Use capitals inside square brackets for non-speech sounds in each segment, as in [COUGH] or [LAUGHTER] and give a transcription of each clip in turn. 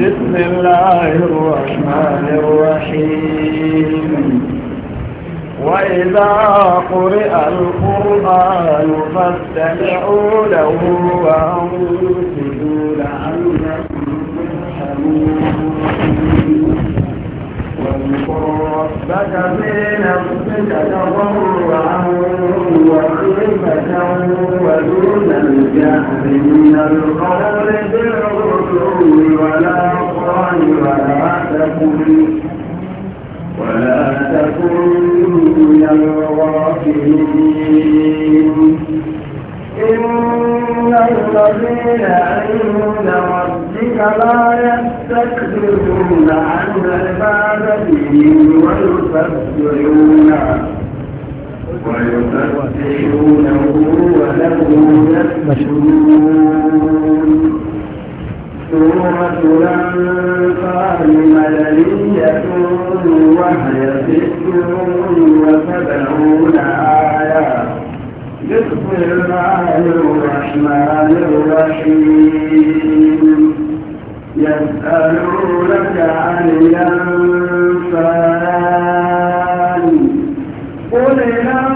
بسم الله الرحمن الرحيم وإذا قرئ القرآن فاستمعوا له وأنصتوا لعلكم ترحمون واذكر ربك في نفسك تضرعا ودون الجهل من القول بالغلو ولا قال ولا تكن ولا تكن من الغافلين إن الذين عند ربك لا يستكبرون عن عبادته ويسبحونه ويمسحونه وله يسجدون سورة الأنفال مدنية وهي ست وسبعون آية بسم الله الرحمن الرحيم يسألونك عن الأنفال قل الأنفال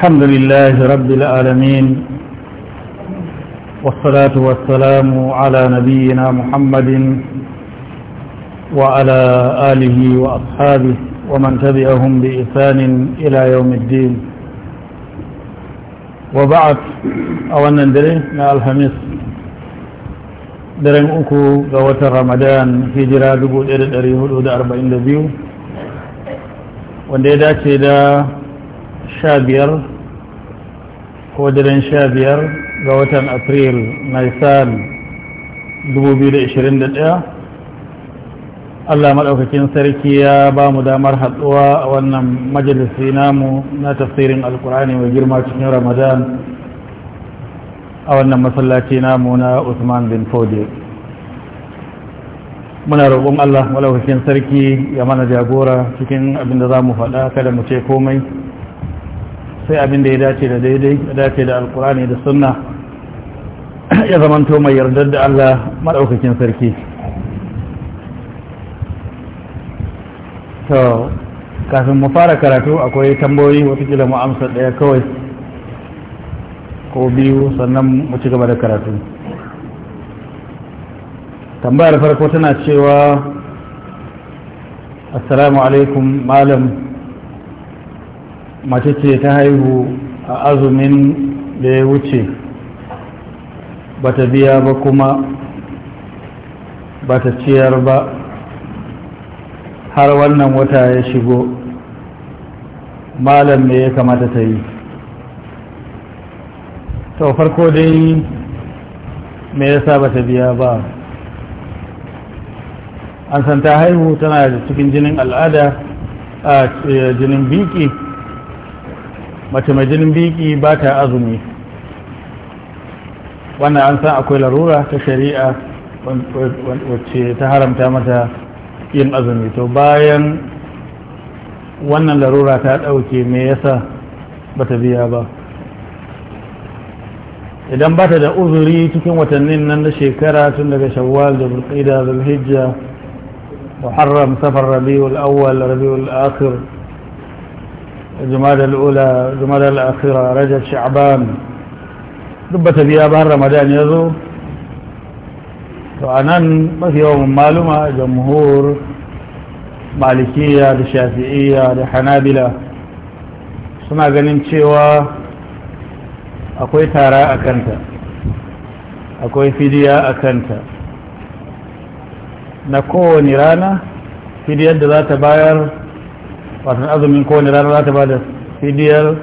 الحمد لله رب العالمين والصلاة والسلام على نبينا محمد وعلى آله وأصحابه ومن تبعهم بإحسان إلى يوم الدين وبعد أولا دري نا الخميس درين أكو قوة رمضان في جراد قول إرد أريه الأربعين دبيو وندي داتي دا sha ko daren sha ga watan april nisan 2021 allah maɗaukakin sarki ya ba mu damar haɗuwa a wannan majalisi namu na tafsirin alkur'ani mai girma cikin ramadan a wannan masallaci namu na usman bin fode muna roƙon allah maɗaukakin sarki ya mana jagora cikin abinda za mu faɗa kada mu ce komai sai abin da ya dace da daidai ya dace da alkurani da sunna ya zamanto mai yardar da Allah maɗaukakin sarki kafin mu fara karatu akwai tambayoyi watakila mu amsa ɗaya kawai ko biyu sannan mu ci gaba da karatu tambayar farko tana cewa assalamu alaikum malam mace ce ta haihu a azumin da ya wuce bata biya ba kuma bata ciyar ba har wannan wata ya shigo malam me ya kamata ta yi to farko dai me ya yasa bata biya ba an san ta haihu tana da cikin jinin al'ada a eh, jinin biki mace mai jinin biki ba ta azumi wannan an san akwai larura ta shari'a wacce ta haramta mata yin azumi to bayan wannan larura ta ɗauke me yasa ba ta biya ba idan ba ta da uzuri cikin watannin nan na shekara tun daga shawwal da bulƙida zulhijja muharram safar rabiul awwal rabiul akhir جمال الأولى جمال الأخيرة رجب شعبان دبة biya bayan ramadan ya to a nan mafi yawan maluma jamhur malikiya da shafi'iyya da hanabila suna ganin cewa akwai tara a kanta akwai fidiya a kanta na kowane rana fidiyar da za ta bayar watan azumin kowane rana za ta ba da fidiyar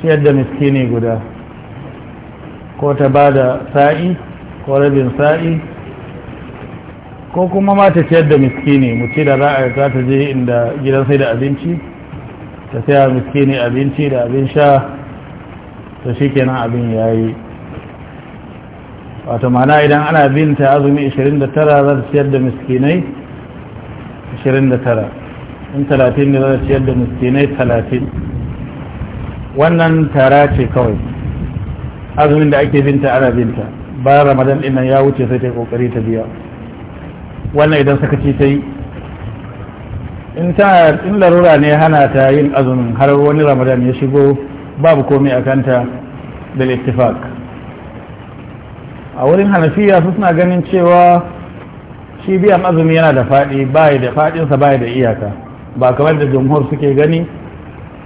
ciyar da miskini guda ko ta ba da sa'i ko rabin sa'i ko kuma ma ta ciyar da miskini mu ci da ra'ayi za ta je inda gidan sai da abinci ta saya miskini abinci da abin sha to shi kenan abin ya yi wata mana idan ana binta azumi 29 za ta ciyar da miskinai 29 in talatin ne zai ciyar da miskinai talatin wannan tara ce kawai azumin da ake binta ana binta bayan ramadan ɗin ya wuce sai ta yi ƙoƙari ta biya wannan idan sakaci ta yi in larura ne hana ta yin azumin har wani ramadan ya shigo babu komai a kanta da littafak. a wurin hanafiya su suna ganin cewa shi biyan azumi yana da faɗi baya da faɗinsa baya da iyaka ba kamar da jamhur suke gani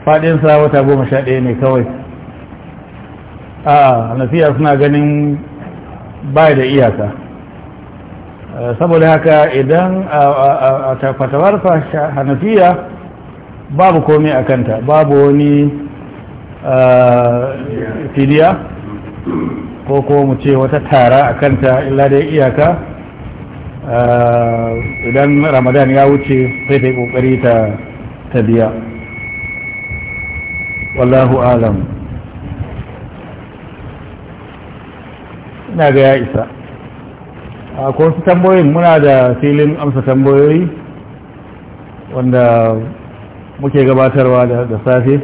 faɗinsa wata goma sha ɗaya ne kawai a nasiya suna ganin ba da iyaka saboda haka idan a fatawar fa hanafiya babu komai a kanta babu wani fidiya ko ko mu ce wata tara a kanta illa da iyaka Eh, idan ramadan ya wuce sai ta yi kokari ta biya wallahu alam ina ga ya isa a wasu tamboyin muna da filin amsa tambayoyi wanda muke gabatarwa da safe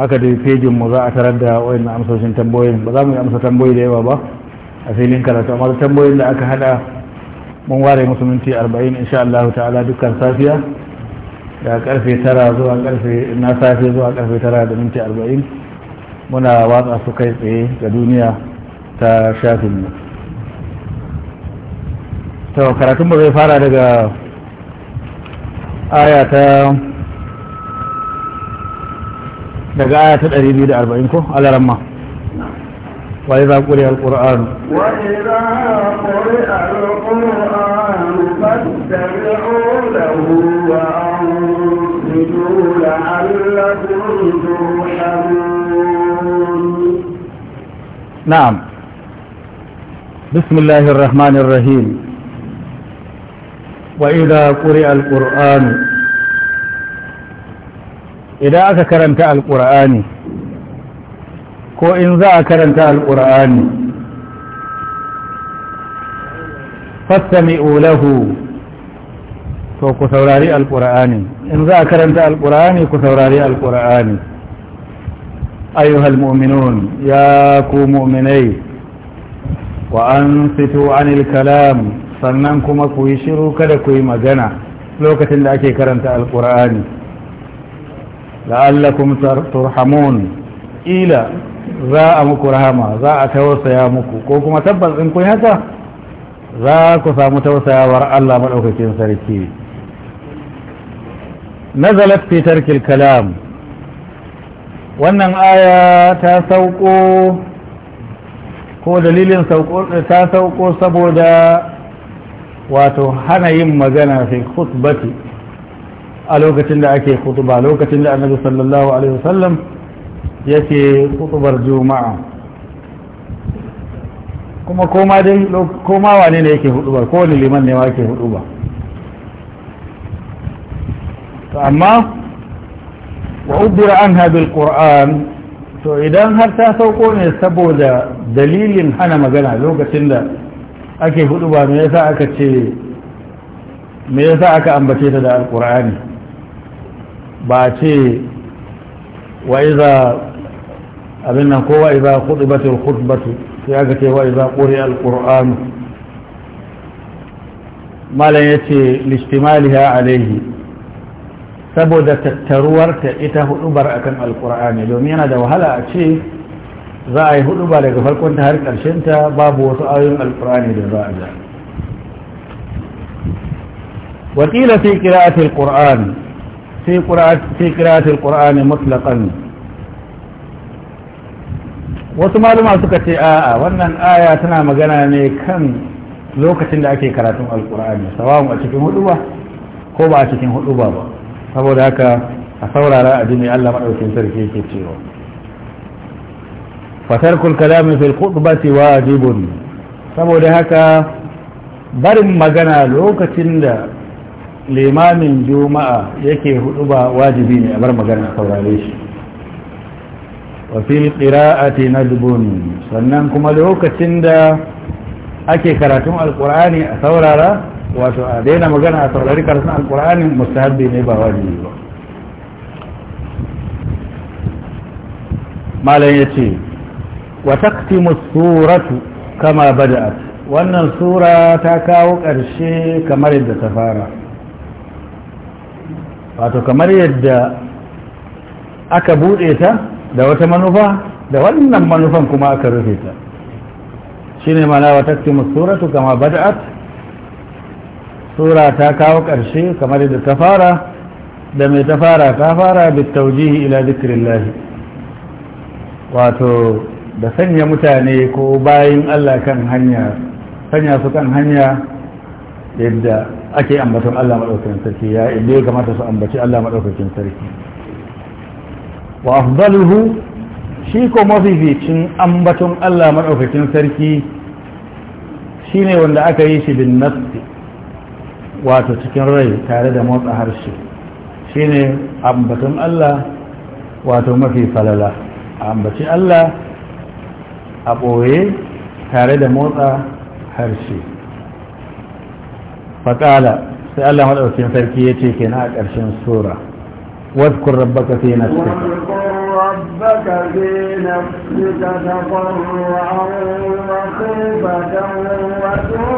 haka da pejinmu za a tarar da wayan amsoshin tamboyin ba za mu yi amsa tamboyi da yawa ba a filin karatu amma tamboyin da aka hada mun ware musu minti 40 insha Allah ta'ala dukkan safiya da karfe 9 zuwa karfe na safe zuwa karfe 9 da minti 40 muna watsa su kai tsaye ga duniya ta shafin mu to karatun mu zai fara daga aya ta daga aya ta 240 ko alaramma وإذا قرئ القرآن وإذا قرئ القرآن فاتبعوا له وأنصتوا لعلكم ترحمون نعم بسم الله الرحمن الرحيم وإذا قرئ القرآن إذا أذكرمت القرآن ko in za a karanta alƙur'ani fastami'u lahu to ku saurari alƙur'ani in za a karanta alƙur'ani ku saurari alƙur'ani ayyuhal mu'minun ya ku mu'minai wa an fito anil kalam sannan kuma ku yi shiru kada ku yi magana lokacin da ake karanta alƙur'ani la'allakum turhamun ila za a muku rahama za a tausaya muku ko kuma tabbas in kun haka za ku samu tausayawar Allah maɗaukakin sarki nazalat fi tarkil kalam wannan aya ta sauko ko dalilin ta sauko saboda wato hana yin magana fi khutbati a lokacin da ake khutba lokacin da annabi sallallahu alaihi wasallam yake kutubar juma'a kuma koma dai koma wane ne yake hudubar ko wani liman ne yake hudubar amma wa udira an bil to idan har ta sauko ne saboda dalilin hana magana lokacin da ake hudubar me yasa aka ce me yasa aka ambace ta da alqur'ani ba ce wa iza أبنى كوا إذا خطبت الخطبة سياجتي وإذا قرئ القرآن ما لا يتي لاجتمالها عليه سبدا تتروار تأتى هدوبر أكن القرآن يومينا دو هلا أتشي زائي هدوبا لغفل كنت هارك أرشنت باب وصعي القرآن لزائي وقيل في قراءة القرآن في قراءة, في قراءة القرآن مطلقا wasu maluma suka ce a'a wannan aya tana magana ne kan lokacin da ake karatun alkur'ani sawawun a cikin ba ko ba a cikin hudu ba saboda haka a saurara a jini Allah maɗaukin sarki yake cewa kulkala mai fil khutbati wajibun saboda haka barin magana lokacin da limamin juma'a yake ba wajibi ne a bar magana a saurare shi wafil ƙira'ati na duboni sannan kuma lokacin da ake karatun alƙur'ani a saurara wato a daina magana a saurari karatun alƙur'ani mustahabbi ne ba wajibi ba malam ya ce wa taktimu suratu kama bada'at wannan sura ta kawo ƙarshe kamar yadda ta fara wato kamar yadda aka buɗe ta da wata manufa da wannan manufan kuma aka rufe ta shine mana wa taktimu suratu kama bada'at sura ta kawo ƙarshe kamar da ta fara da mai ta fara ta fara bitaujihi ila Lahi. wato da sanya mutane ko bayan Allah kan hanya sanya su kan hanya yadda ake ambaton Allah maɗaukacin sarki ya inda ya kamata su ambaci Allah maɗaukacin sarki wa afdaluhu shi ko mafificin ambaton Allah maɗaukakin sarki shine wanda aka yi shi bin nafsi wato cikin rai tare da motsa harshe shine ambaton Allah wato mafi falala ambaci Allah a ɓoye tare da motsa harshe faƙala sai Allah maɗaukakin sarki ya ce kenan a ƙarshen sura واذكر ربك في نفسك واذكر ربك في نفسك تضرعا وخيفة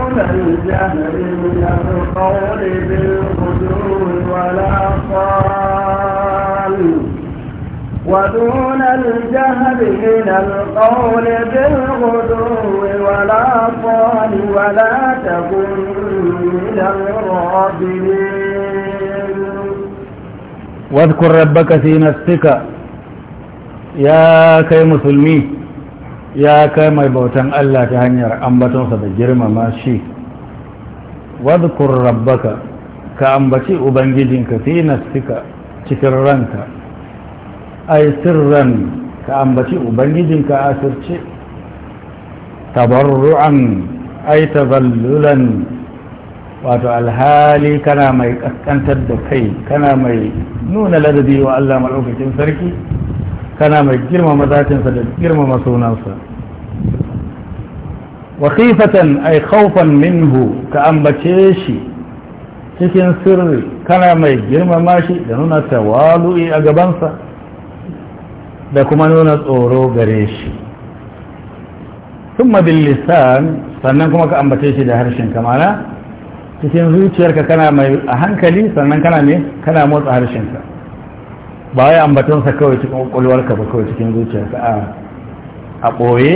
ودون الجهل من القول بالغدو ولا صال ودون الجهل من القول بالغدو ولا صال ولا تكن من الغافلين واذكر ربك في نفسك يا كي مسلمي يا كي ميبوتان الله تهنير أنبتون صدجر ماشي واذكر ربك كأنبتي أبنجدك في نفسك تكررنك أي سرا كأنبتي أبنجدك أسرتي تبرعا أي تذللا wato alhali kana mai kaskantar da kai kana mai nuna ladabi wa Allah maɗaukakin sarki kana mai girmama zatinsa da girmama sunansa wakifatan ai khawfan minhu ka ambace shi cikin sirri kana mai girmama shi da nuna tawalu'i a gabansa da kuma nuna tsoro gare shi ثم باللسان sannan kuma ka ambace shi da harshen kamana cikin zuciyarka kana mai a hankali sannan kana ne kana motsa harshenka ba wai ambatonsa kawai cikin kwakwalwarka ba kawai cikin zuciyarka a ɓoye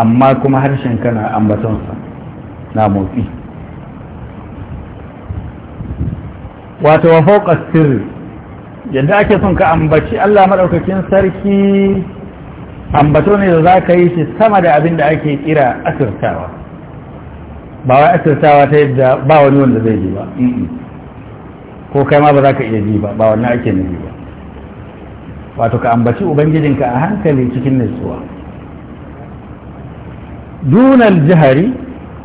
amma kuma harshen na ambatonsa na motsi wato wa fauka sirri yadda ake son ka ambaci Allah maɗaukakin sarki ambato ne da za ka yi shi sama da abin da ake kira asirtawa ba wai asirtawa ta yadda ba wani wanda zai ji ba ko kai ma ba za ka iya ji ba ba wannan ake nufi ba wato ka ambaci ubangijinka a hankali cikin nutsuwa dunal jihari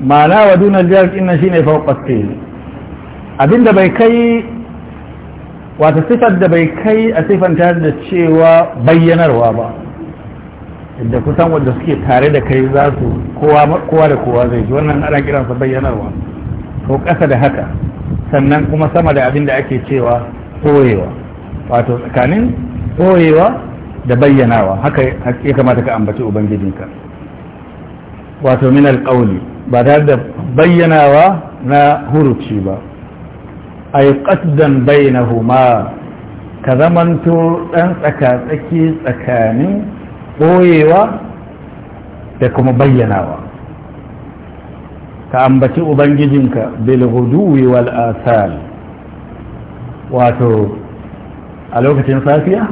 ma'ana wa dunal jihar inna shine fawqa sayl abinda bai kai wata sifar da bai kai a sifanta da cewa bayyanarwa ba da kusan wanda suke tare da kai za su kowa da kowa zai ji wannan ana kiransa bayyanarwa ko ƙasa da haka sannan kuma sama da abin da ake cewa ɓoyewa wato tsakanin ɓoyewa da bayyanawa haka ya kamata ka ambaci ubangijinka wato min alƙauli ba tare da bayyanawa na huruci ba a yi ƙasdan bayyana ka zamanto ɗan tsaka-tsaki tsakanin ɓoyewa da kuma bayyanawa ka ambaci ubangijinka bilhuduwi wal asal wato a lokacin safiya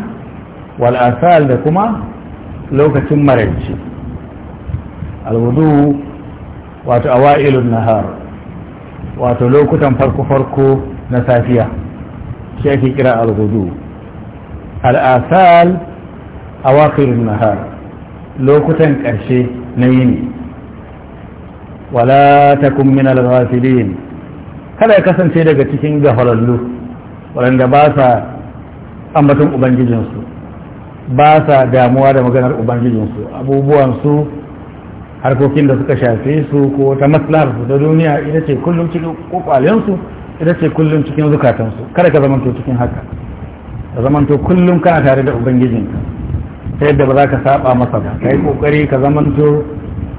wal asal da kuma lokacin maraici alhudu wato awa'ilun nahar wato lokutan farko-farko na safiya shi ake kira alhudu al'asal wakilin nahar lokutan ƙarshe na yini wala takun min al kada ya kasance daga cikin gafalallu waɗanda ba sa ambaton ubangijinsu ba sa damuwa da maganar ubangijinsu abubuwansu harkokin da suka shafe su ko ta maslahar da duniya ita ce kullum cikin kokwalensu ita ce kullum cikin zukatansu kada ka zamanto cikin haka ka zamanto kullum kana tare da ubangijinka ta yadda ba za ka saba masa ba kai kokari ka zamanto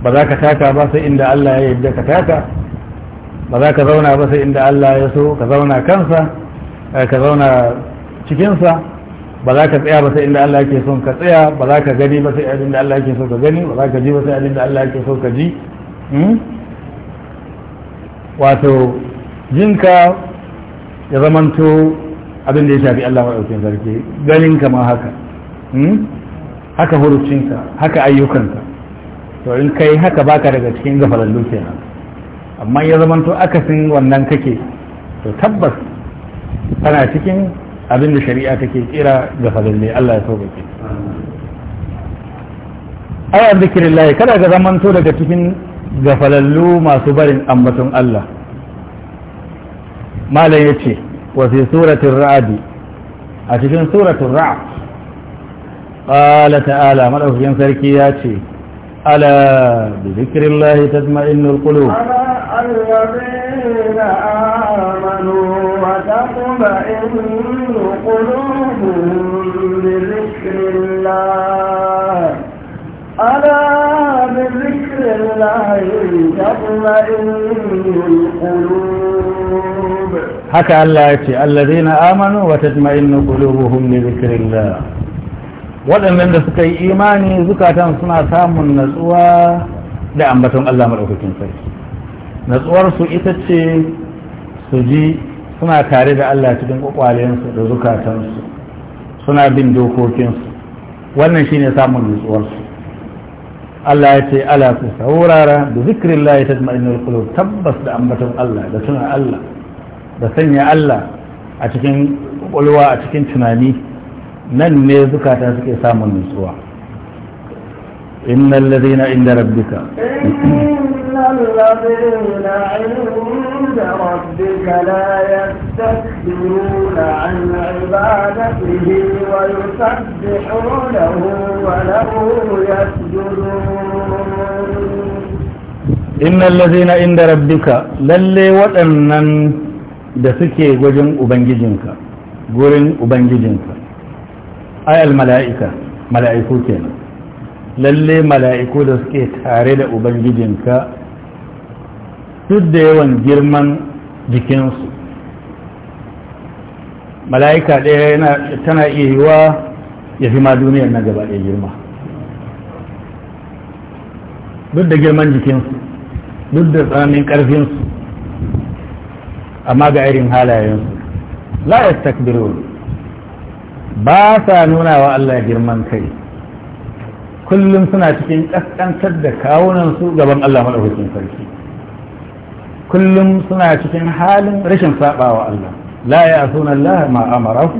ba za ka taka ba sai inda Allah ya yadda ka taka ba za ka zauna ba sai inda Allah ya so ka zauna kansa eh, ka zauna cikinsa ba za ka tsaya ba sai inda Allah yake son ka tsaya ba za ka gani ba sai abin Allah yake son ka gani ba za ka ji ba sai abin Allah yake son ka ji hmm? wato jinka ya zamanto abin da ya shafi Allah maɗaukin sarki ganin ma haka hmm? haka hurucinka haka ayyukanka to in kai haka baka daga cikin gafalallu kenan amma ya zamanto akasin wannan kake to tabbas kana cikin abin da shari'a take kira gafalalle Allah ya sauƙaƙe ayar zikirin layi kada ka zamanto daga cikin gafalallu masu barin ambaton Allah malam ya ce wa fi ra'adi a cikin suratun ra'a قال تعالى ملعوف ينسركي ياتي ألا بذكر الله تطمئن القلوب ألا الذين آمنوا وتطمئن قلوبهم بذكر الله ألا بذكر الله تطمئن القلوب حكى الله يأتي الذين آمنوا وتطمئن قلوبهم بذكر الله waɗannan da suka yi imani zukatan suna samun natsuwa da ambaton Allah maɗaukakin sarki natsuwarsu ita ce su ji suna tare da Allah cikin ƙwaƙwalensu da zukatansu suna bin dokokinsu wannan shine samun su Allah ya ce ala su saurara da zikirin Allah ya tatmainul tabbas da ambaton Allah da suna Allah da sanya Allah a cikin ƙwaƙwalwa a cikin tunani nan ne zukata suke samun nutsuwa innal ladina inda rabbika inda rabbika la yastakbiruna an ibadatihi wa waɗannan da suke gurin ubangijinka ayal mala'ika mala'iku kenan lalle mala'iku da suke tare da ubangijinka duk da yawan girman jikinsu mala'ika ɗaya tana iya yiwa ya fi ma duniyar na gaba ɗaya girma duk da girman jikinsu duk da tsananin ƙarfinsu amma ga irin halayensu la ya takbiru ba sa nuna wa Allah girman kai kullum suna cikin ƙasƙantar da kawunansu gaban Allah maɗaukakin sarki kullum suna cikin halin rashin saɓa wa Allah la ya suna Allah ma amarahu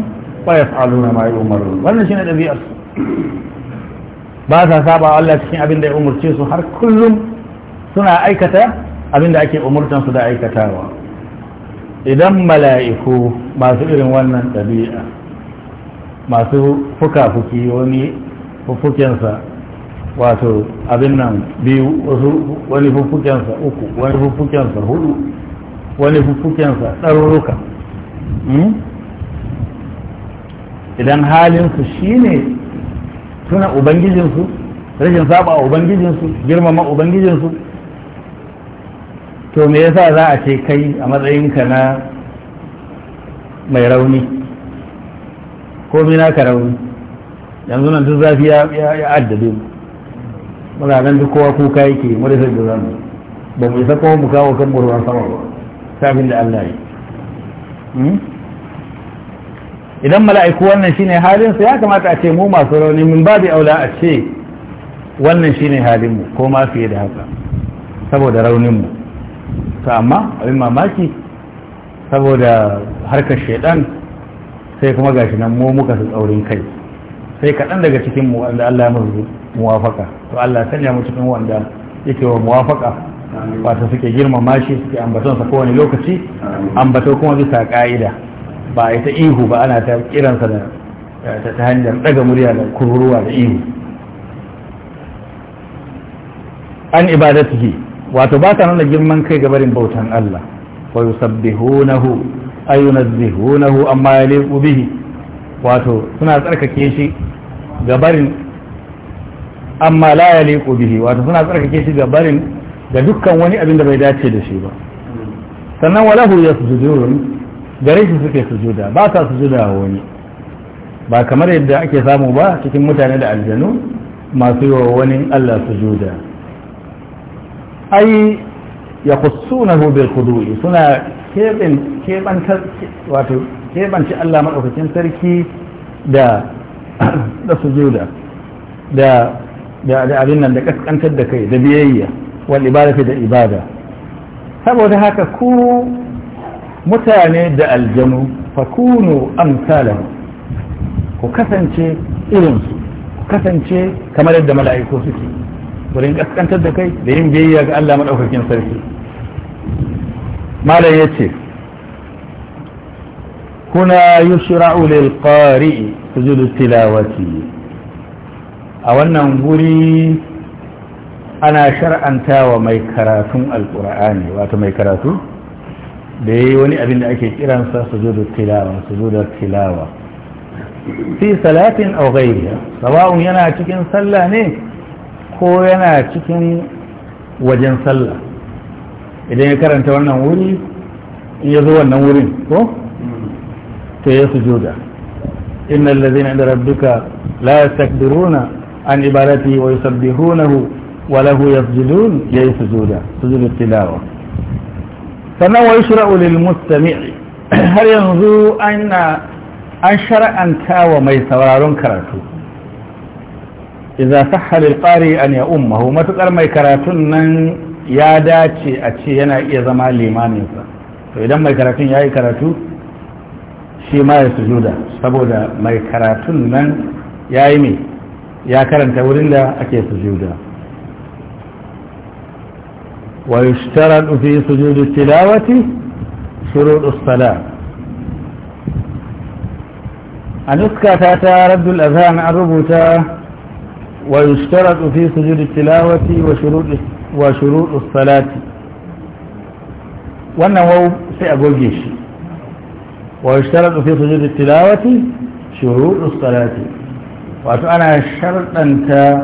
wa ya fa'aluna ma yu'maru wannan shine ɗabi'ar ba sa saɓa wa Allah cikin abin da ya umurce su har kullum suna aikata abin da ake umurtan su da aikatawa idan mala'iku masu irin wannan ɗabi'a masu fuka-fuki wani fuffukensa wato abin nan biyu wasu wani fuffukensa uku wani fuffukensa hudu wani fuffukensa ɗaruruka hmm? idan halinsu shi ne tuna ubangijinsu rashin saba ubangijinsu girmama ubangijinsu to me yasa za a ce kai a matsayinka na mai rauni komai na ka rauni yanzu nan duk zafi ya addabe mu nan duk kowa kuka yake marasar da zamu ba mu isa kowa mu kawo kan ruwan sama ba sabin da Allah yi hmm? idan mala'iku wannan shine halin su ya kamata a ce mu masu rauni min babu aula a ce wannan shine halin mu ko ma fiye da haka saboda raunin mu to amma abin mamaki saboda harkar shaidan sai kuma gashi nan mu muka su tsaurin kai sai kaɗan daga cikin mu wanda Allah ya musu muwafaka to Allah sanya mu cikin wanda yake wa muwafaka wato suke girmama shi suke ambaton sa kowane lokaci ambato kuma bisa ka'ida ba ita ihu ba ana ta kiransa da ta hanyar daga murya da kururuwa da ihu an ibadatihi wato ba ta nuna girman kai ga barin bautan Allah wa yusabbihunahu ay yunazzihunahu amma yaliqu bihi wato suna tsarkake shi ga barin amma la yaliqu bihi wato suna tsarkake shi ga barin ga dukkan wani abin da bai dace da shi ba sannan walahu ya yasjudun gare shi suke sujuda ba ta sujuda wani ba kamar yadda ake samu ba cikin mutane da aljanu masu yi wa wani Allah sujuda ai ya kusunahu bil khudu'i suna keɓin wato keɓanci Allah maɗaukakin sarki da da sujuda da da da abin nan da kaskantar da kai da biyayya wal da ibada saboda haka ku mutane da aljanu fakunu amsalahu ku kasance irinsu ku kasance kamar yadda mala'iku suke wurin kaskantar da kai da yin biyayya ga Allah maɗaukakin sarki malam yace kuna yushra'u lil qari'i sujudu tilawati a wannan guri ana shar'anta wa mai karatun alqur'ani wato mai karatu da yi wani abin da ake kiransa sujudu tilawa sujudu tilawa fi salatin aw ghayriha sawa'un yana cikin sallah ne ko yana cikin wajen sallah idan ya karanta wannan wuri in ya zo wannan wurin ko to ya sujuda innal ladzina inda rabbuka la yastakbiruna an ibadati wa yusabbihunahu wa lahu yasjudun ya yi sujuda sujudu tilawa sannan wa yushra'u lil mustami'i har yanzu an shar'anta wa mai sauraron karatu idza sahhala alqari an ya ummahu matukar mai karatun nan ya dace a ce yana iya zama limamin sa to idan mai karatun yayi karatu shi ma ya sujuda saboda mai karatun nan yayi me ya karanta wurin da ake sujuda wa yushtaradu fi sujudi tilawati shurudus salat a nuskata ta raddul azhan an rubuta ويشترط في سجود التلاوة وشروط وشروط الصلاة هو في أقول جيش ويشترط في سجود التلاوة شروط الصلاة وأنا شرط أنت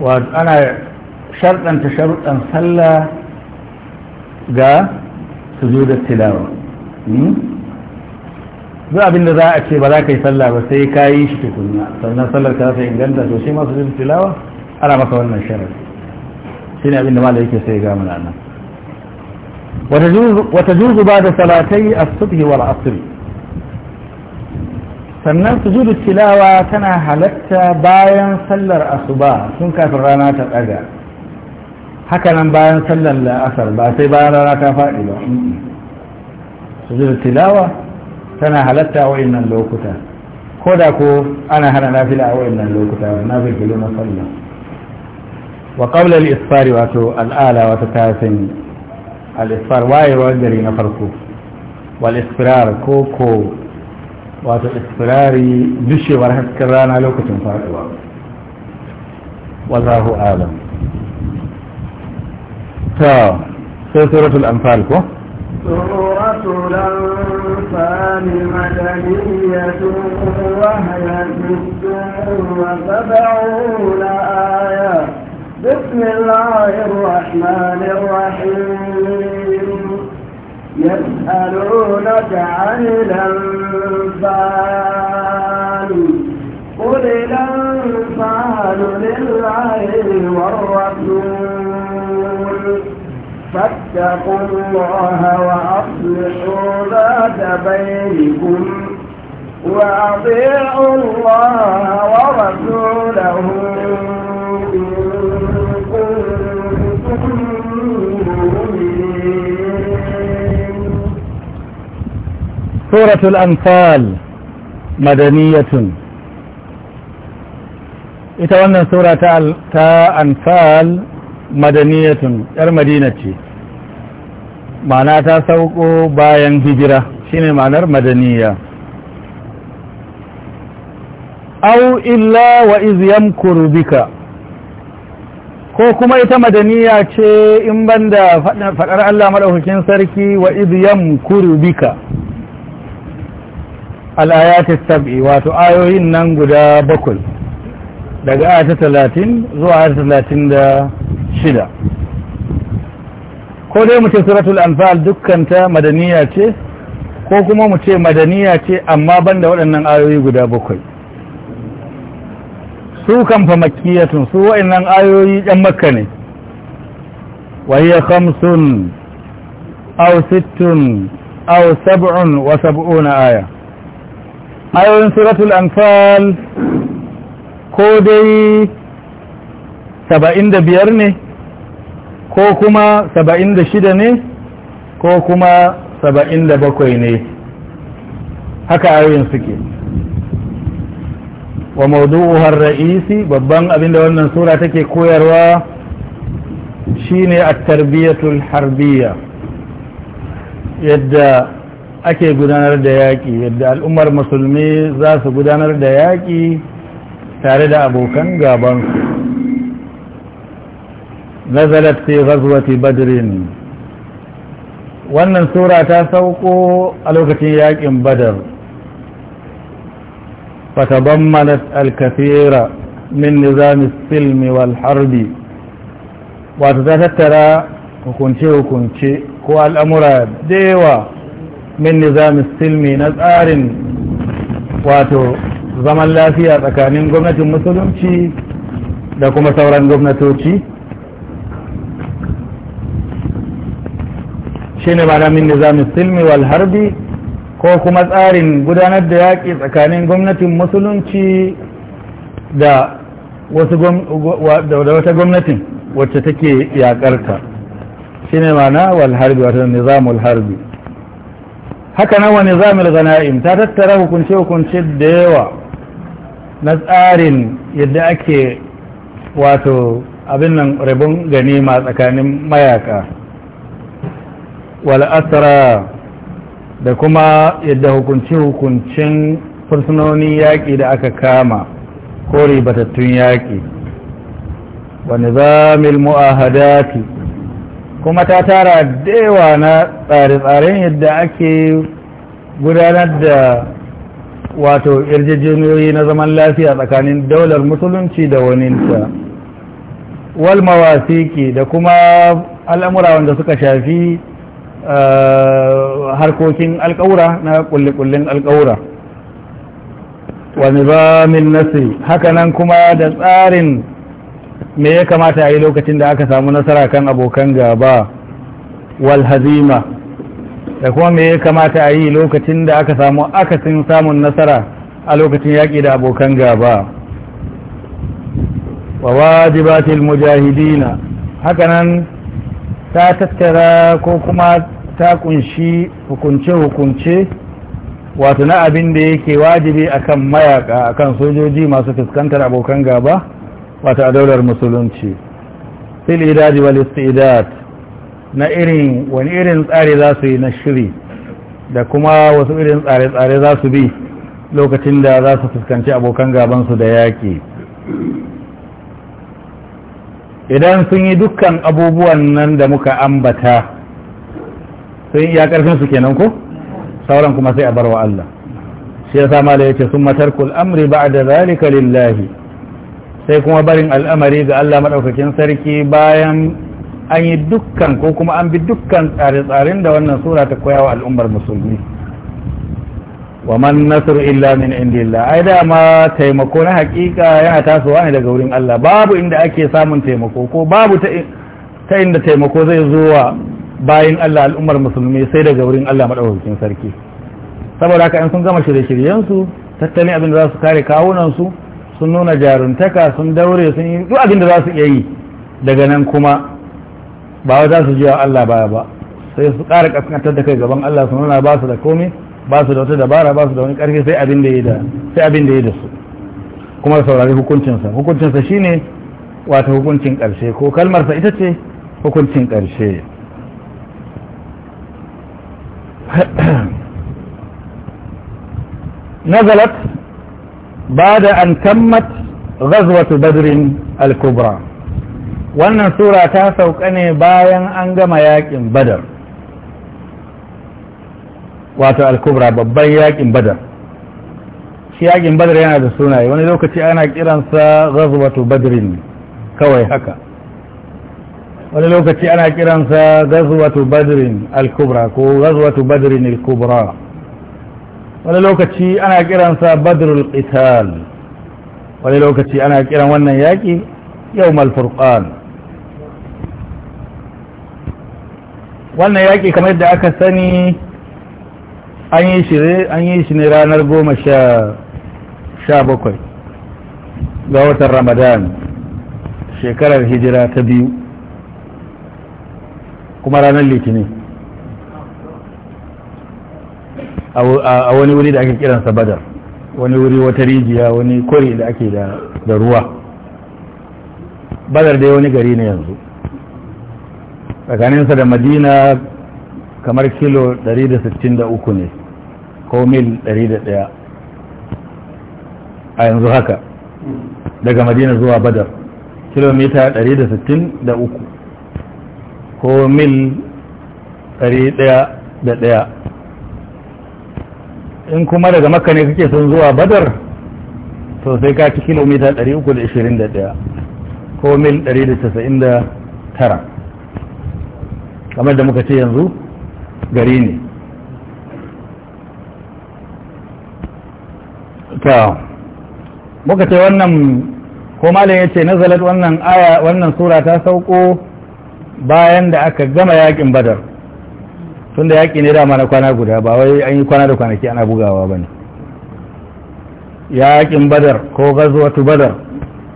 وأنا شرط أنت شرط أن صلى جاء سجود التلاوة duk abin da za a ce ba za ka yi sallah ba sai ka yi shi tukunna sannan sallar ka za ta inganta to shi masu jin tilawa ana maka wannan sharar shi ne abin da malai yake sai ga mana nan wata juzu ba da salatai as-subhi wal asri sannan sujudu tilawa tana halatta bayan sallar asuba sun kafin rana ta daga hakanan bayan sallar la'asar ba sai bayan rana ta faɗi ba sujudu tilawa tana halatta a wayannan lokuta ko da ko ana hana nafila a wayannan lokuta na filfilu na sallah wa qabla al-isfar wato al'ala wato ta sani al-isfar wayewar gari na farko wal isfirar ko ko wato isfirari dushewar hasken rana lokacin faɗuwa wa zahu alam ta sai suratul anfal ko سورة الأنفال مدنية وهي ست وسبعون آية بسم الله الرحمن الرحيم يسألونك عن الأنفال قل الأنفال لله والرسول فاتقوا الله وأصلحوا ذات بينكم وأطيعوا الله ورسوله سورة الأنفال مدنية ita سورة الأنفال مدنية المدينة ma'ana ta sauko bayan hijira shine ma'anar madaniya au illa wa iz yamkuru bika ko kuma ita madaniya ce in banda fadar Allah madaukakin sarki wa iz yamkuru bika al sab'i wato ayoyin nan guda bakwai daga ayata talatin zuwa ayata talatin da shida ko dai mu ce suratul anfal dukkanta madaniya ce ko kuma mu ce madaniya ce amma banda waɗannan ayoyi guda bakwai su kan fa makkiyatun su waɗannan ayoyi ɗan makka ne wa hiya khamsun aw sittun aw sab'un wa sab'una aya ayoyin suratul anfal ko dai saba'in da biyar ne ko kuma saba'in da shida ne ko kuma saba'in da bakwai ne haka ayoyin suke wa har ra'isi babban abinda wannan sura take koyarwa shine at-tarbiyatul harbiyya yadda ake gudanar da yaƙi yadda al'ummar musulmi za su gudanar da yaƙi tare da abokan gabansu nazalat fi badrin wannan sura ta sauko a lokacin yaƙin badar فتضمنت الكثير من نظام السلم والحرب وتتترى hukunce hukunce ko al'amura da yawa na tsarin wato zaman lafiya tsakanin gwamnatin musulunci da kuma sauran gwamnatoci shine malamin nizamin silmi wal harbi ko kuma tsarin gudanar da yaƙi tsakanin gwamnatin musulunci da wata gwamnatin wacce take yaƙarta shi ne wal walharbi wata nizamul harbi haka nan wa nizamul gana'im ta tattara hukunce-hukunce da yawa na tsarin yadda ake wato abin nan rabon ganima tsakanin mayaka wal'asara da kuma yadda hukunci-hukuncin fursunonin yaƙi da aka kama ko ribatattun yaƙi wa nizamil mu'ahadati kuma ta tara dewa na tsare-tsaren yadda ake gudanar da wato yarjejeniyoyi na zaman lafiya tsakanin daular musulunci da waninta wal mawasiki da kuma al'amura wanda suka shafi harkokin alƙaura na ƙulli-ƙullin alƙaura wa nizamin nasiri nan kuma da tsarin me ya kamata a yi lokacin da aka samu nasara kan abokan gaba wal hazima da kuma me ya kamata a yi lokacin da aka samu akasin samun nasara a lokacin yaƙi da abokan gaba wa wajibatil mujahidina nan ta tattara ko kuma ta kunshi hukunce-hukunce wato na abin da yake wajibi akan mayaka akan sojoji masu fuskantar abokan gaba wato a daular musulunci fil idadi wal istidad na irin wani irin tsari za su yi na shiri da kuma wasu irin tsare-tsare za su bi lokacin da za su fuskanci abokan gabansu da yaƙi idan sun yi dukkan abubuwan nan da muka ambata sun iya karfin su kenan ko sauran kuma sai a bar wa Allah shi yasa mala sun matar tarkul amri ba'da zalika lillahi sai kuma barin al'amari ga Allah madaukakin sarki bayan an yi dukkan ko kuma an bi dukkan tsare-tsaren da wannan sura ta koya wa al'ummar musulmi wa man nasru illa min indillah ai da ma taimako na hakika yana tasowa ne daga wurin Allah babu inda ake samun taimako ko babu ta inda taimako zai zo wa bayan Allah al'ummar musulmi sai daga wurin Allah madaukakin sarki saboda haka in sun gama shirye-shiryen su tattalin abin da za su kare kawunan su sun nuna jaruntaka sun daure sun yi duk abin da za su iya yi daga nan kuma ba wa za su ji Allah baya ba sai su ƙara kaskantar da kai gaban Allah su nuna ba su da komai ba su da wata dabara ba su da wani karfi sai abin da ya da sai abin da ya da su kuma saurari hukuncinsa hukuncinsa shine wato hukuncin ƙarshe ko kalmarsa ita ce hukuncin karshe [COUGHS] نزلت ba da تمت غزوة بدر الكبرى wannan sura ta sauka ne bayan an gama yakin badar wato al-kubra babban yakin badar shi yakin badar yana da sunaye wani lokaci ana kiransa razwatu badrin kawai haka wani lokaci ana kiransa gazuwatu badrin al-kubra ko gazuwatu badrin al-kubra wani lokaci ana kiransa badrul qital wani lokaci ana kiran wannan yaki yawmal furqan wannan yaki kamar da aka sani an yi shi an yi shi ne ranar 17 ga watan Ramadan shekarar hijira ta biyu kuma ranar litinin a wani wuri da ake kiransa badar wani wuri wata rijiya wani kori da ake da ruwa badar dai wani gari ne yanzu tsakaninsa da madina kamar kilo 163 ne ko mil 101 a yanzu haka daga madina zuwa badar kilomita 163 ko mil ɗaya da ɗaya in kuma daga makka ne kake son zuwa badar to sai ka ci kilomita ɗaya ko mil da da casa'in tara. kamar da muka ce yanzu gari ne ta muka ce wannan ko malam ya ce nazalat wannan aya wannan sura ta sauko bayan da aka gama yakin badar tunda yaki ne dama na kwana guda ba wai an yi kwana da kwanaki ana bugawa ba ne Yaƙin badar ko gazuwatu badar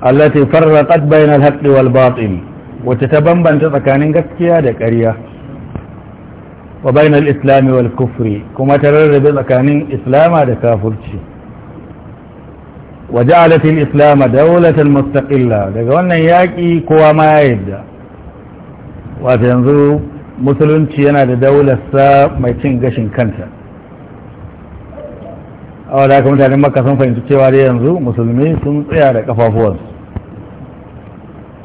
allati farraqat bayna al-haqqi wal batil wacce ta bambanta tsakanin gaskiya da ƙarya wa bayna al wal kufri kuma ta rarrabe tsakanin islama da kafirci wa ja'alat al-islam dawlatan mustaqilla daga wannan yaƙi kowa ma ya yadda wata yanzu musulunci yana da daularsa mai cin gashin kanta a wadda aka mutanen makka sun fahimci cewa dai yanzu musulmi sun tsaya da kafafuwansu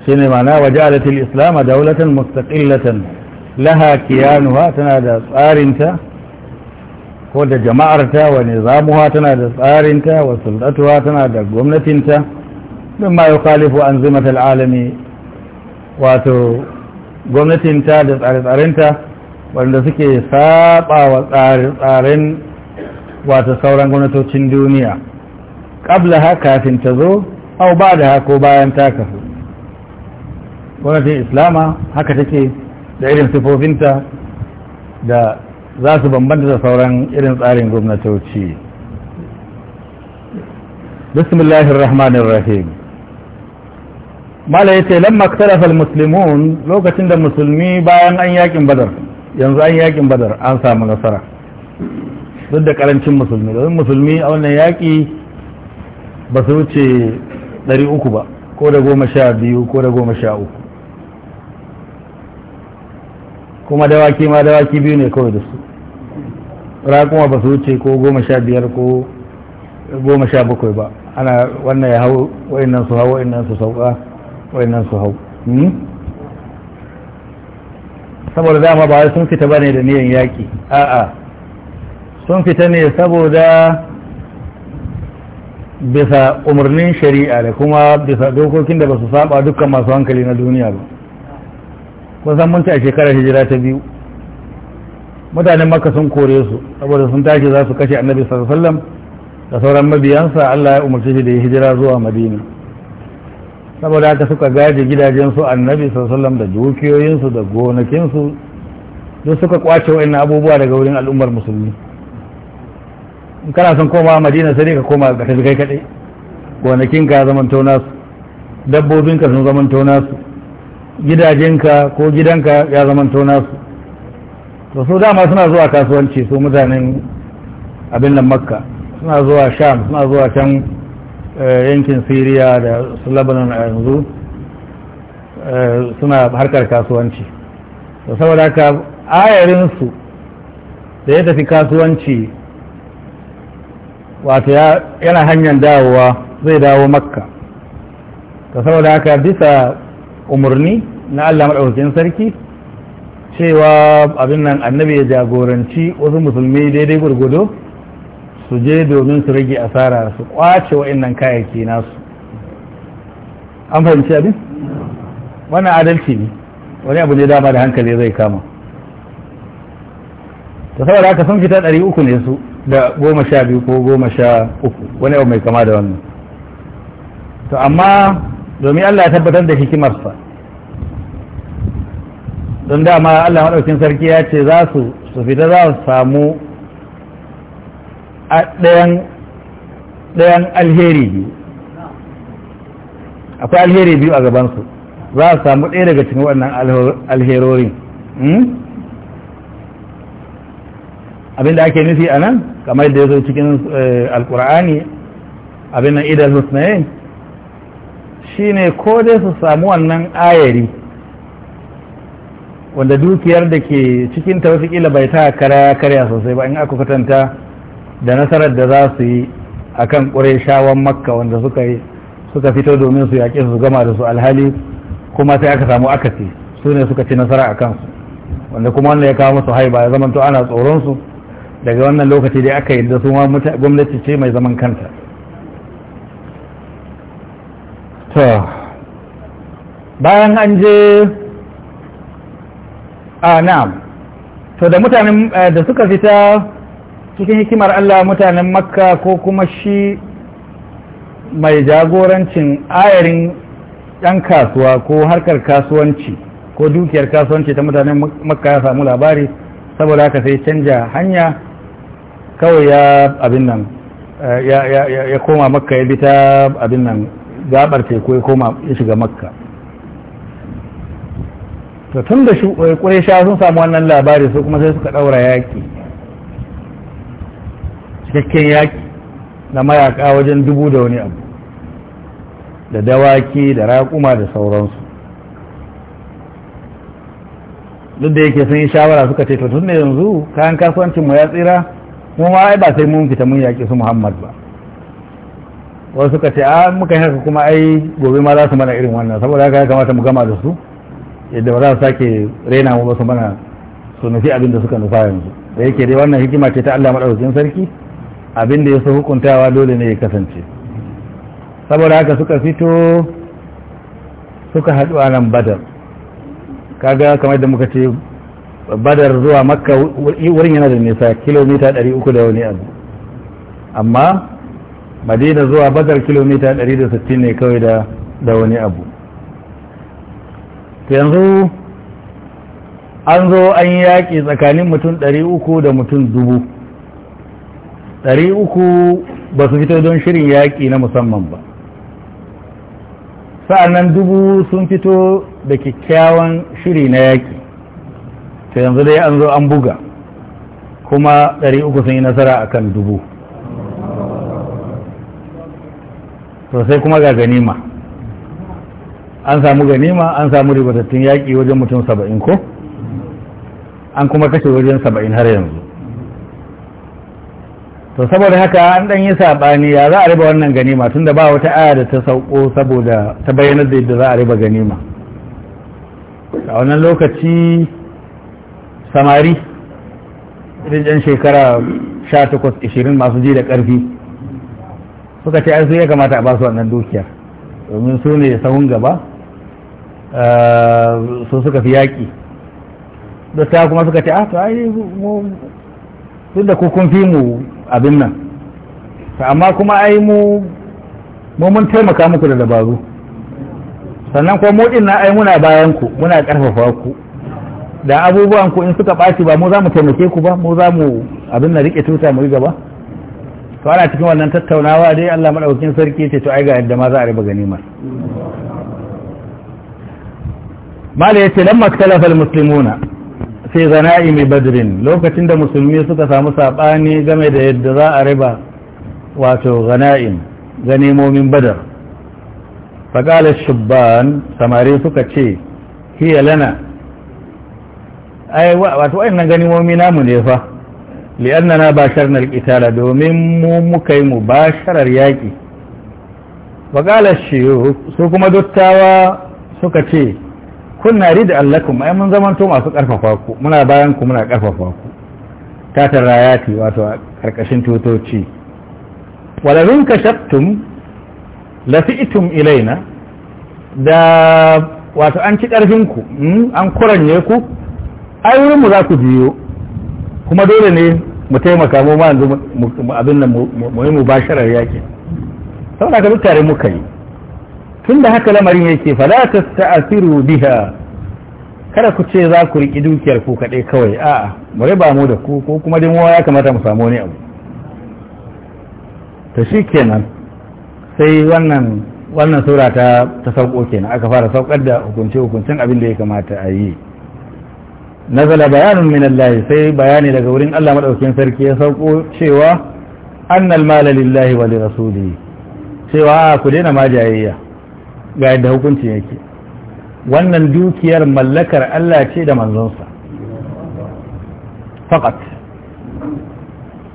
shi ne mana waje alatil islam a daulatan mustaƙillatan laha kiyanuwa tana da tsarinta ko da jama'arta wa nizamuwa tana da tsarinta wa sulɗatuwa tana da gwamnatinta min ma yi khalifu an zimatar alami wato Gwamnatin ta da tsare-tsarenta wanda suke saba wa tsare-tsaren wata sauran gwamnatocin duniya ƙabla ha kafin ta zo au ba da hako bayan ta kafu gwamnatin islama haka take da irin sifofinta da za su bambanta da sauran irin tsarin gwamnatoci bismillahirrahmanirrahim mala ya ce lamma ƙarafar musulmun lokacin da musulmi bayan an yakin badar yanzu an yakin badar an samu nasara duk da karancin musulmi domin musulmi a wannan yaƙi ba su wuce 300 ba ko da goma sha biyu ko da goma sha uku kuma dawaki ma dawaki biyu ne kawai da su kuma ba su wuce ko goma sha biyar ko goma sha bakwai ba ana wannan ya hau wa'in nan su hau wa'in nan su sauka wayannan su hau hmm? saboda dama ba sun fita bane da niyan yaki a'a sun fita ne saboda bisa umarnin shari'a da kuma bisa dokokin da basu su saba dukkan masu hankali na duniya ba kusan mun a shekarar hijira ta biyu mutanen maka sun kore su saboda sun tashi za su kashe annabi sallallahu alaihi wasallam da sauran mabiyansa Allah ya umarci shi da hijira zuwa madina saboda haka suka gaji gidajensu annabi sallallahu da dukiyoyinsu da gonakinsu duk suka kwace wa'annan abubuwa daga wurin al'ummar musulmi in kana son koma madina sai ka koma ga tafi kai kaɗai ka zaman tona su ka sun zaman tona su gidajenka ko gidanka ya zaman tona su to su dama suna zuwa kasuwanci su mutanen abin nan makka suna zuwa sham suna zuwa can Eh, yankin syria da su lebanon a yanzu eh, suna harkar kasuwanci da saboda ka ayarinsu da ya tafi kasuwanci wato yana hanyar dawowa zai dawo makka da saboda haka bisa umarni na allah maɗaukakin sarki cewa abin nan annabi ya jagoranci wasu musulmi daidai gurgudu su je domin su rage asara su kwace wa'annan kayayyaki nasu an fahimci abin wannan adalci ne wani abu ne dama da hankali zai kama ta saboda haka sun fita ɗari uku ne su da goma sha biyu ko goma sha uku wani abu mai kama da wannan to amma domin Allah ya tabbatar da hikimarsa don dama Allah maɗaukin sarki ya ce za su su fita za su samu a ɗayan alheri biyu akwai alheri biyu a gabansu za a samu ɗaya daga cikin wannan alherorin hmm? abinda ake nufi a nan kamar da ya zo cikin eh, alkur'ani abin idan husnaye shi shine ko dai su samu wannan ayari wanda dukiyar da ke cikinta wasu kila bai ta karya karya sosai ba in aka kwatanta da nasarar da za su yi a kan ƙureshawan makka wanda suka yi suka fito domin su yaƙi su gama da su alhali kuma sai aka samu akasi su ne suka ci nasara a kansu wanda kuma wanda ya kawo musu haiba ya to ana tsoronsu daga wannan lokaci dai aka yi da su gwamnati ce mai zaman kanta bayan an je a na'am to da mutanen eh, da suka fita cikin hikimar Allah mutanen makka ko kuma shi mai jagorancin ayarin ɗan kasuwa ko harkar kasuwanci ko dukiyar kasuwanci ta mutanen makka ya samu labari saboda haka sai canja hanya kawai ya abin nan ya koma makka ya bi ta abin nan gabar teku ya koma ya shiga makka tun da sha sun samu wannan labari su kuma sai suka ɗaura yaƙi cikakken yaki na mayaka wajen dubu da wani abu da dawaki da raƙuma da sauransu duk da yake sun yi shawara suka ce to tun da yanzu kayan kasuwancinmu ya tsira kuma ma ai ba sai mun fita mun yaƙi su muhammad ba wasu suka ce a muka haka kuma ai gobe ma za su mana irin wannan saboda haka ya kamata mu gama da su yadda ba za su sake rena mu ba su mana su nufi abin da suka nufa yanzu da yake dai wannan hikima ce ta allah maɗaukakin sarki abin da ya so hukuntawa dole ne ya kasance saboda haka suka fito suka haɗu a nan badar kaga kamar da muka ce badar zuwa makka wurin yana da nisa kilomita 300 da wani abu amma madina zuwa badar kilomita 160 ne kawai da wani abu yanzu an zo an yaƙi tsakanin mutum 300 da mutum dubu ɗari uku ba su fito don shirin yaƙi na musamman ba sa'annan dubu sun fito da kyakkyawan shiri na yaƙi ta yanzu dai an zo an buga kuma ɗari uku sun yi nasara a kan dubu sosai kuma ga ganima an samu ganima an samu ribatattun yaƙi wajen mutum saba'in ko an kuma kashe wajen saba'in har yanzu to saboda haka an dan yi sabani ya za a riba wannan ganima tunda ba wata aya da ta sauko saboda ta bayyanar da yadda za a riba ganima a wannan lokaci samari rijiyar shekara 18-20 masu ji da ƙarfi suka ce an su ya kamata a basu wannan dukiyar domin su ne sahun gaba eh, su suka fi yaƙi da ta kuma suka ce ah to ai tunda da kukun fi mu abin nan amma kuma ai mu mun taimaka muku da dabaru sannan kuma mudin na ai muna bayan ku muna karfafa ku da abubuwan ku in suka ɓaci ba mu za mu taimake ku ba mu za mu abin na rike tuta mu gaba to ana cikin wannan tattaunawa dai Allah madaukakin sarki ce to ai ga yadda ma za a riba ganimar mala yace lamma ikhtalafa almuslimuna fi mai badrin lokacin da musulmi suka samu sabani game da yadda za a riba wato ghana'im ganimomin badar faƙala shubban samari suka ce hiya lana wato wayannan ganimomi namu ne fa li'annana ba sharnar ƙitala, domin mu muka yi sharar yaƙi. faƙala shi su kuma dottawa suka ce kunna rida allakum ai mun to masu karfafa ku muna bayan ku muna karfafa ku tatar rayati wato a karkashin tutoci wala rin kashaftum la fi'tum ilaina da wato an ci karfin ku hmm, an kuranye ku ai wurin mu za ku biyo kuma dole ne mu taimaka mu ma yanzu abin nan mu yi mu mubasharar yaki saboda ka duk tare muka yi tun da haka lamarin yake fala ta ta'asiru biha kada ku ce za ku riki dukiyar ku kaɗai kawai a'a bari ba mu da ku ko kuma dai ya kamata mu samu wani abu to shi kenan sai wannan wannan sura ta ta sauko kenan aka fara saukar da hukunce hukuncin abin da ya kamata a yi nazala bayanun min Allah sai bayani daga wurin Allah madaukakin sarki ya sauko cewa annal mala lillahi wa li rasuli cewa ku daina majayayya ga yadda hukuncin yake wannan dukiyar mallakar Allah ce da manzonsa fakat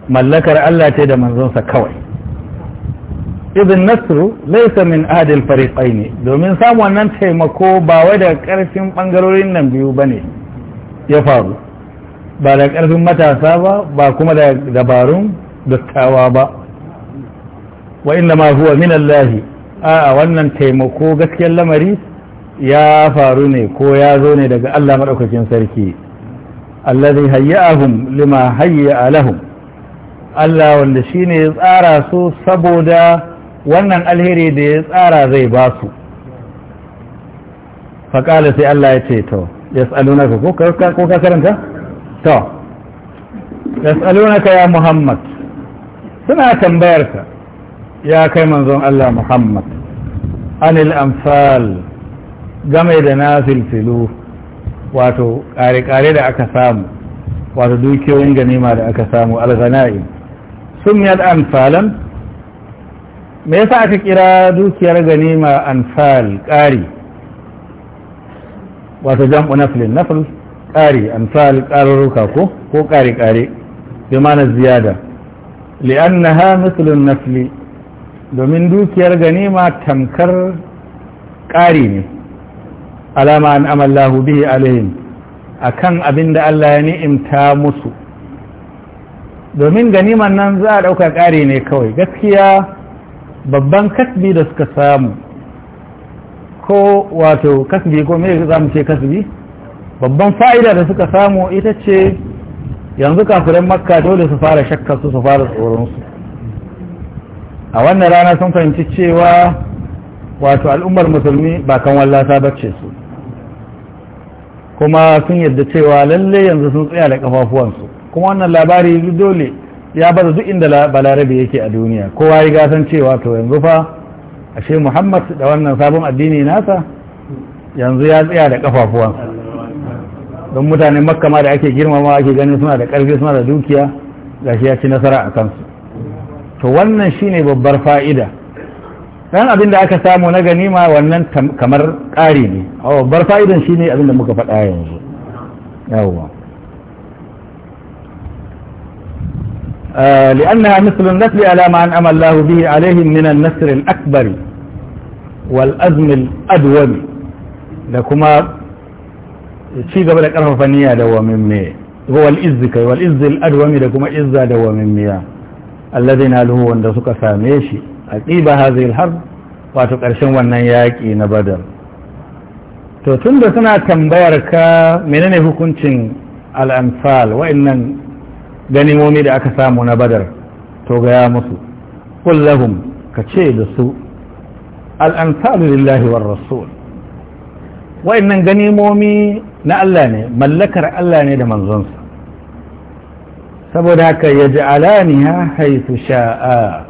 mallakar Allah ce da manzonsa kawai izin Nasiru laisa min adil fariƙai ne domin samun wannan taimako ba wai da ƙarfin ɓangarorin nan biyu ba ne ya faru ba da ƙarfin matasa ba ba kuma da dabarun dattawa ba wa inda ma huwa min Allahi a wannan taimako gaskiyar lamari ya faru ne ko ya zo ne daga Allah maɗaukakin sarki allazi hayya'ahum lima hayya'a lahum Allah wanda shine ya tsara su saboda wannan alheri da ya tsara zai ba su faƙala sai Allah ya ce to ya ko ka ko ka karanta to ka ya Muhammad suna tambayarka ya kai manzon Allah Muhammad anil amsal game da na filfilu wato kare-kare da aka samu wato dukiyoyin ganima da aka samu alghana'i sun yad amsalan me yasa aka kira dukiyar ganima amsal kari wato jam'u naflin nafl Kari amsal ƙararruka ko ko ƙare-ƙare bi ma'anar ziyada li'annaha mislun nafli domin dukiyar ganima tamkar ƙari ne alama an amallahu bihi alayhim akan abin da Allah ya ni'imta musu domin ganiman nan za a ɗauka ƙari ne kawai gaskiya babban kasbi da suka samu ko wato kasbi ko me za mu ce kasbi babban fa'ida da suka samu ita ce yanzu kafiran makka dole su fara shakka su su fara su a wannan rana sun fahimci cewa wato al'ummar musulmi ba kan wallata ce su kuma sun yadda cewa lalle yanzu sun tsaya da kafafuwansu kuma wannan labari dole ya baza duk inda balarabe yake a duniya kowa ya gasan cewa to yanzu fa ashe muhammad da wannan sabon addini nasa yanzu ya tsaya da kafafuwansu don mutanen makama da ake girmama ake ganin suna da karfi suna da dukiya gashi ya ci nasara a kansu to wannan shine babbar fa'ida dan abin da aka samu na ganima wannan kamar ƙari ne babbar fa'idan shine abin da muka faɗa yanzu yawwa لأنها مثل النسل على ما أنعم الله به عليهم من النسر الأكبر والأزم الأدوم لكما شيء قبل أن أرهف النية دوا من مياه هو الإز كي والإز الأدوم لكما إز دوا من مياه na luhu wanda suka same shi aqiba hadhihi alharb wato ƙarshen wannan yaki na badar to tunda suna tambayar ka menene hukuncin al-anfal wa'annan ganimomi da aka samu na badar to gaya musu qul lahum ka ce da su al-anfal lillahi war rasul wa'annan ganimomi na Allah ne mallakar Allah ne da manzonsa saboda haka ya ji alaniya haitu sha'a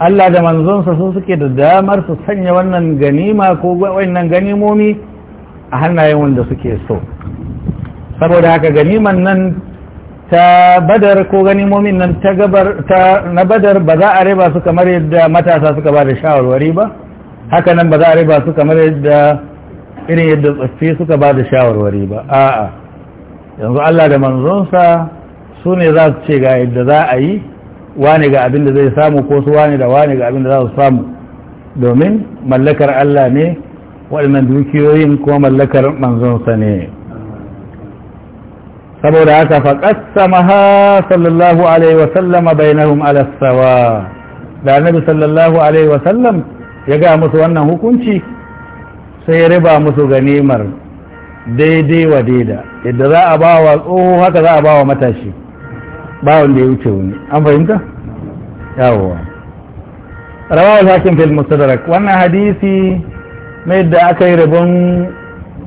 Allah da manzonsa su suke da damar su sanya wannan ganima ko wannan ganimomi a hannayen wanda suke so saboda haka ganiman nan ta badar ko ganimomin nan ta gabar ta na badar ba za a riba su kamar yadda matasa suka ba da shawarwari ba haka nan ba za a riba su kamar yadda irin yadda tsaffi suka ba da shawarwari ba a'a yanzu Allah da manzonsa su ne za su ce ga yadda za a yi wane ga abin da zai samu ko su wane da wane ga abin da za su samu domin mallakar Allah ne waɗannan dukiyoyin kuma mallakar manzonsa ne saboda haka faƙasamaha sallallahu alaihi wasallama bainahum alasawa da annabi sallallahu alaihi wasallam ya ga musu wannan hukunci sai ya riba musu ganimar daidai wa daida yadda za a ba wa tsoho haka za a ba wa matashi ba wanda ya wuce wani an fahimta yawowa rawar hakim fil mustadrak wannan hadisi na yadda aka yi rabon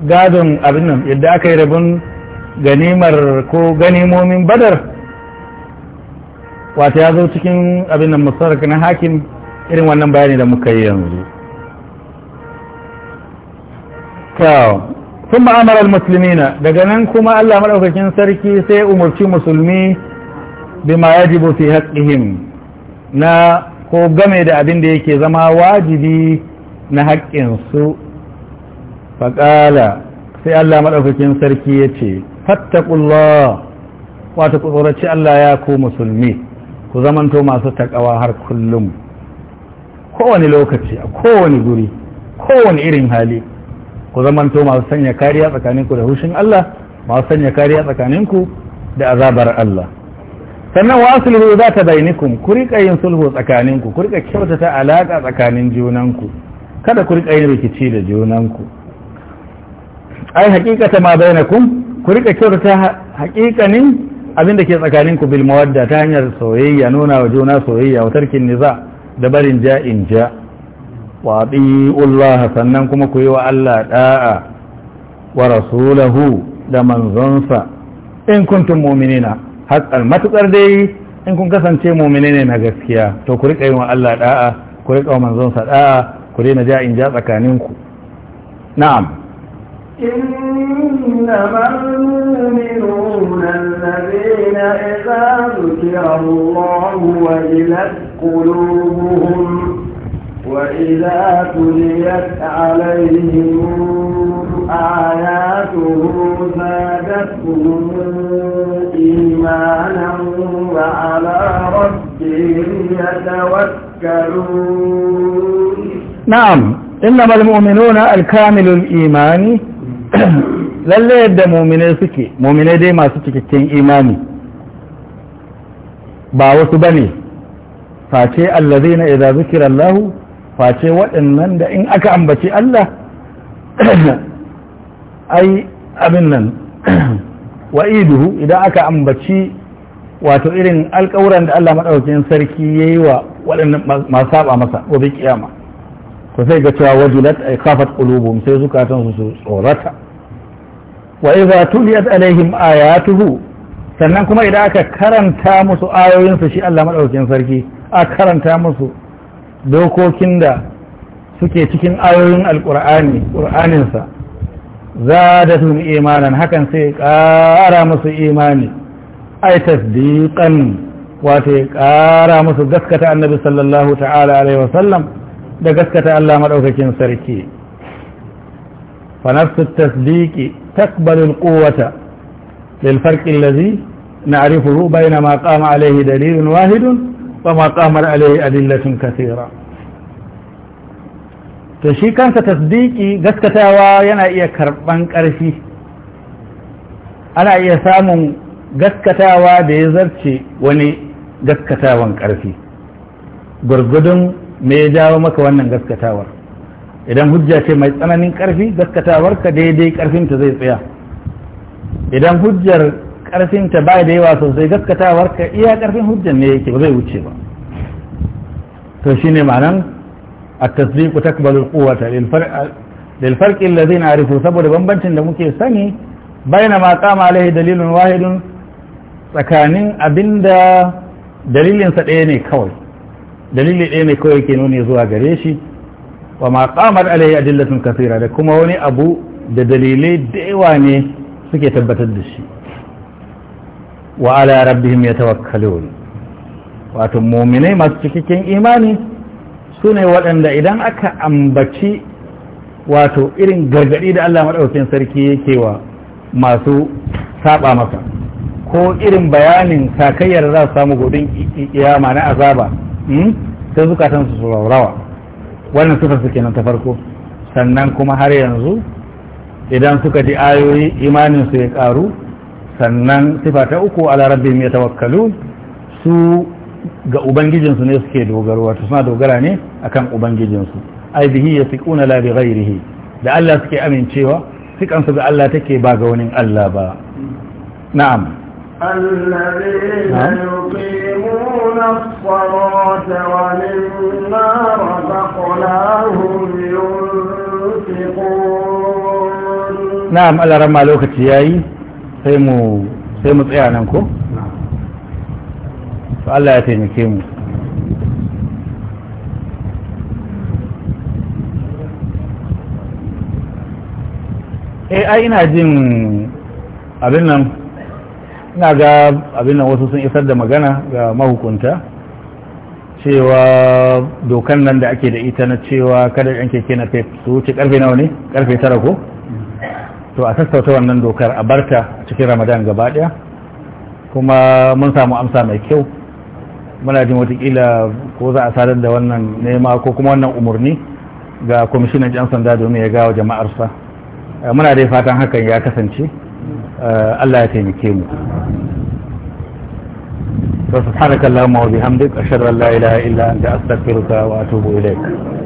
gadon abin nan yadda aka yi rabon ganimar ko ganimomin badar wata ya zo cikin abin nan mustadrak na hakim irin wannan bayani da muka yi yanzu sun ma'amalar musulmi na daga nan kuma allah maɗaukakin sarki sai umarci musulmi bima yajibu fi haqqihim na ko game da abin da yake zama wajibi na haƙƙin su faƙala sai Allah maɗaukakin sarki ya ce fattakullah wata Allah ya ku musulmi ku zamanto masu taƙawa har kullum kowane lokaci a kowane guri kowane irin hali ku zamanto masu sanya kariya tsakaninku da hushin Allah masu sanya kariya tsakaninku da azabar Allah sannan wa sulhu za ta bainikum ku rika yin sulhu tsakaninku ku rika kyautata alaka tsakanin junanku kada ku rika yin rikici da junanku ai hakikata ma bainakum ku rika kyautata hakikanin abin da ke tsakaninku bil mawadda ta hanyar soyayya nuna wa juna soyayya wa tarkin niza da barin ja'in ja wa Allah sannan kuma ku yi wa Allah da'a wa rasulahu da manzonsa in kuntum mu'minina hatsar matuƙar dai in kun kasance mumine ne na gaskiya to ku riƙa yi wa Allah da'a ku riƙa wa sa da'a ku daina ja in ja ku na'am إنما المؤمنون الذين إذا ذكر wa وجلت قلوبهم وإذا تليت عليهم آياته زادتهم إيمانا وعلى ربهم يتوكلون نعم إنما المؤمنون الكامل الإيمان lalle yadda muminai suke muminai dai masu cikakken imani ba wasu bane face allazina idza zukira Allahu face waɗannan da in aka ambaci Allah [CLEARS THROAT] ai abin nan [CLEARS THROAT] wa'iduhu idan aka ambaci wato irin alƙawuran da Allah maɗaukin sarki ya yi wa waɗannan masu saba masa gobe ƙiyama, to sai ga cewa wajilat ay khafat qulubuhum sai zukatan su tsorata wa idza tuliyat alaihim ayatuhu sannan kuma idan aka karanta musu ayoyin shi Allah maɗaukin sarki a karanta musu dokokin da suke cikin ayoyin alƙur'ani ƙur'aninsa za da tun imanan hakan sai ƙara musu imani ai tasdiƙan wato ya ƙara musu gaskata annabi sallallahu ta'ala alaihi wasallam da gaskata Allah maɗaukakin sarki فنفس التصديق تقبل القوة للفرق na نعرفه بين ما قام عليه dalilin wahidun. فما قامر عليه أدلة كثيرة to shi kansa tasdiki gaskatawa yana iya karɓan ƙarfi ana iya samun gaskatawa da ya zarce wani gaskatawan ƙarfi gwargwadon me ya jawo maka wannan gaskatawar idan hujja ce mai tsananin ƙarfi gaskatawarka daidai ƙarfinta zai tsaya idan hujjar ƙarfinta bai da yawa sosai gaskatawar ka iya ƙarfin hujjan ne yake ba zai wuce ba to shine ma'anan at-tasdiq takbalu al-quwwata lil farqi na arifu saboda bambancin da muke sani baina ma qama alaihi dalilun wahidun tsakanin abinda dalilinsa ɗaya ne kawai dalili ɗaya ne kawai ke nuni zuwa gare shi wa ma qamar a adillatun kathira da kuma wani abu da dalilai da yawa ne suke tabbatar da shi wa ala rabbihim yatawakkalun wato mu'minai masu cikakken imani su ne waɗanda idan aka ambaci wato irin gargaɗi da Allah madaukakin sarki yake wa masu saba masa ko irin bayanin kakayyar za su samu godin iyama na azaba hmm? sai zukatan su saurawa wannan suka suke nan ta farko sannan kuma har yanzu idan suka ji ayoyi imanin su ya karu sannan sifa ta uku ala mai tawakkalu su ga ubangijinsu ne suke dogaro wato suna dogara ne akan ubangijinsu ai bihi fi la bi ghairihi da Allah suke amincewa sikansu ga Allah take ba ga wani Allah ba na'am الذين يقيمون الصلاة ومما رزقناهم ينفقون نعم ألا رمى لوكتي sai mu sai mu tsaya nan ko to Allah ya taimake mu eh ai ina jin abin nan ina ga abin nan wasu sun isar da magana ga mahukunta cewa dokan nan da ake da ita na cewa kada yanke keke na fef su wuce karfe nawa ne karfe tara ko to a sassauta wannan dokar a barta cikin ramadan gaba daya kuma mun samu amsa mai kyau muna jin watakila ko za a sadar da wannan nema ko kuma wannan umarni ga kwamishinan yan sanda domin ya gawa jama'arsa eh, muna dai fatan hakan ya kasance eh, Allah ya taimake mu فسبحانك اللهم وبحمدك اشهد ان لا اله الا انت استغفرك واتوب اليك